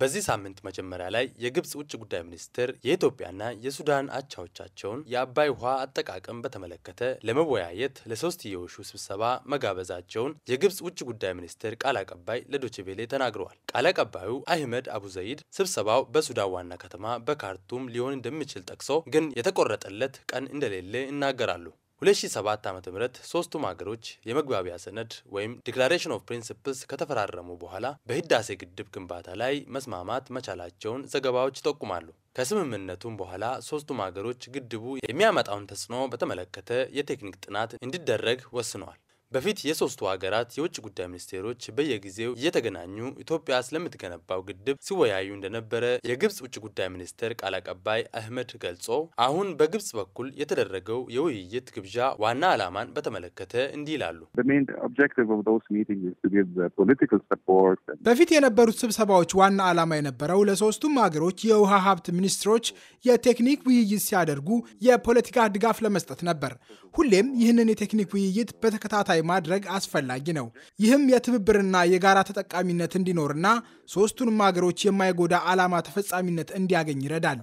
በዚህ ሳምንት መጀመሪያ ላይ የግብፅ ውጭ ጉዳይ ሚኒስትር የኢትዮጵያና የሱዳን አቻዎቻቸውን የአባይ ውሃ አጠቃቀም በተመለከተ ለመወያየት ለሶስትዮሹ ስብሰባ መጋበዛቸውን የግብፅ ውጭ ጉዳይ ሚኒስትር ቃል አቀባይ ለዶችቤሌ ተናግረዋል። ቃል አቀባዩ አህመድ አቡ ዘይድ ስብሰባው በሱዳን ዋና ከተማ በካርቱም ሊሆን እንደሚችል ጠቅሶ ግን የተቆረጠለት ቀን እንደሌለ ይናገራሉ። 2007 ዓ ም ሶስቱም ሀገሮች የመግባቢያ ሰነድ ወይም ዲክላሬሽን ኦፍ ፕሪንስፕልስ ከተፈራረሙ በኋላ በህዳሴ ግድብ ግንባታ ላይ መስማማት መቻላቸውን ዘገባዎች ይጠቁማሉ። ከስምምነቱም በኋላ ሶስቱም ሀገሮች ግድቡ የሚያመጣውን ተጽዕኖ በተመለከተ የቴክኒክ ጥናት እንዲደረግ ወስነዋል። በፊት የሶስቱ ሀገራት የውጭ ጉዳይ ሚኒስቴሮች በየጊዜው እየተገናኙ ኢትዮጵያ ስለምትገነባው ግድብ ሲወያዩ እንደነበረ የግብጽ ውጭ ጉዳይ ሚኒስቴር ቃል አቀባይ አህመድ ገልጾ አሁን በግብጽ በኩል የተደረገው የውይይት ግብዣ ዋና ዓላማን በተመለከተ እንዲህ ይላሉ። በፊት የነበሩት ስብሰባዎች ዋና ዓላማ የነበረው ለሶስቱም ሀገሮች የውሃ ሀብት ሚኒስትሮች የቴክኒክ ውይይት ሲያደርጉ የፖለቲካ ድጋፍ ለመስጠት ነበር። ሁሌም ይህንን የቴክኒክ ውይይት በተከታታይ ተመሳሳይ ማድረግ አስፈላጊ ነው። ይህም የትብብርና የጋራ ተጠቃሚነት እንዲኖርና ሶስቱንም አገሮች የማይጎዳ ዓላማ ተፈጻሚነት እንዲያገኝ ይረዳል።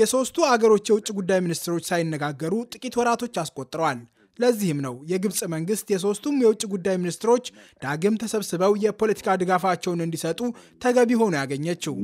የሶስቱ አገሮች የውጭ ጉዳይ ሚኒስትሮች ሳይነጋገሩ ጥቂት ወራቶች አስቆጥረዋል። ለዚህም ነው የግብፅ መንግስት የሶስቱም የውጭ ጉዳይ ሚኒስትሮች ዳግም ተሰብስበው የፖለቲካ ድጋፋቸውን እንዲሰጡ ተገቢ ሆኖ ያገኘችው።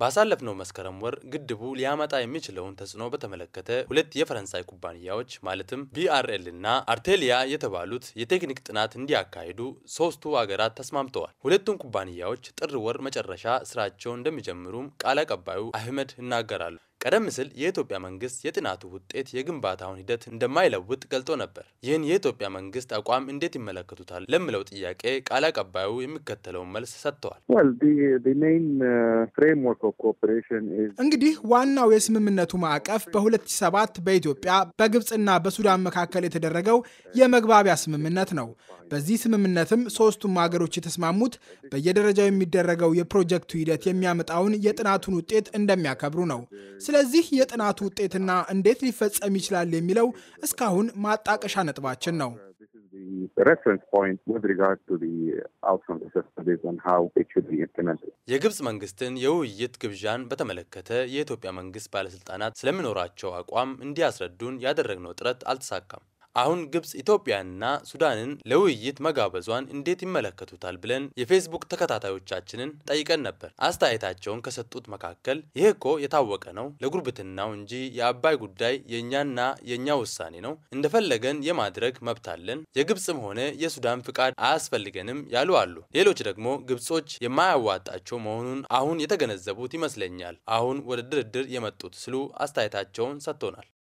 ባሳለፍነው መስከረም ወር ግድቡ ሊያመጣ የሚችለውን ተጽዕኖ በተመለከተ ሁለት የፈረንሳይ ኩባንያዎች ማለትም ቢአርኤል እና አርቴሊያ የተባሉት የቴክኒክ ጥናት እንዲያካሂዱ ሶስቱ ሀገራት ተስማምተዋል። ሁለቱም ኩባንያዎች ጥር ወር መጨረሻ ስራቸውን እንደሚጀምሩም ቃል አቀባዩ አህመድ ይናገራሉ። ቀደም ሲል የኢትዮጵያ መንግስት የጥናቱ ውጤት የግንባታውን ሂደት እንደማይለውጥ ገልጾ ነበር። ይህን የኢትዮጵያ መንግስት አቋም እንዴት ይመለከቱታል ለምለው ጥያቄ ቃል አቀባዩ የሚከተለውን መልስ ሰጥተዋል። uh, እንግዲህ ዋናው የስምምነቱ ማዕቀፍ በ2007 በኢትዮጵያ በግብፅና በሱዳን መካከል የተደረገው የመግባቢያ ስምምነት ነው። በዚህ ስምምነትም ሶስቱም ሀገሮች የተስማሙት በየደረጃው የሚደረገው የፕሮጀክቱ ሂደት የሚያመጣውን የጥናቱን ውጤት እንደሚያከብሩ ነው። ስለዚህ የጥናቱ ውጤትና እንዴት ሊፈጸም ይችላል የሚለው እስካሁን ማጣቀሻ ነጥባችን ነው። የግብፅ መንግስትን የውይይት ግብዣን በተመለከተ የኢትዮጵያ መንግስት ባለስልጣናት ስለሚኖራቸው አቋም እንዲያስረዱን ያደረግነው ጥረት አልተሳካም። አሁን ግብጽ ኢትዮጵያንና ሱዳንን ለውይይት መጋበዟን እንዴት ይመለከቱታል ብለን የፌስቡክ ተከታታዮቻችንን ጠይቀን ነበር። አስተያየታቸውን ከሰጡት መካከል ይህ እኮ የታወቀ ነው፣ ለጉርብትናው እንጂ የአባይ ጉዳይ የእኛና የእኛ ውሳኔ ነው፣ እንደፈለገን የማድረግ መብት አለን፣ የግብጽም ሆነ የሱዳን ፍቃድ አያስፈልገንም ያሉ አሉ። ሌሎች ደግሞ ግብጾች የማያዋጣቸው መሆኑን አሁን የተገነዘቡት ይመስለኛል አሁን ወደ ድርድር የመጡት ስሉ አስተያየታቸውን ሰጥቶናል።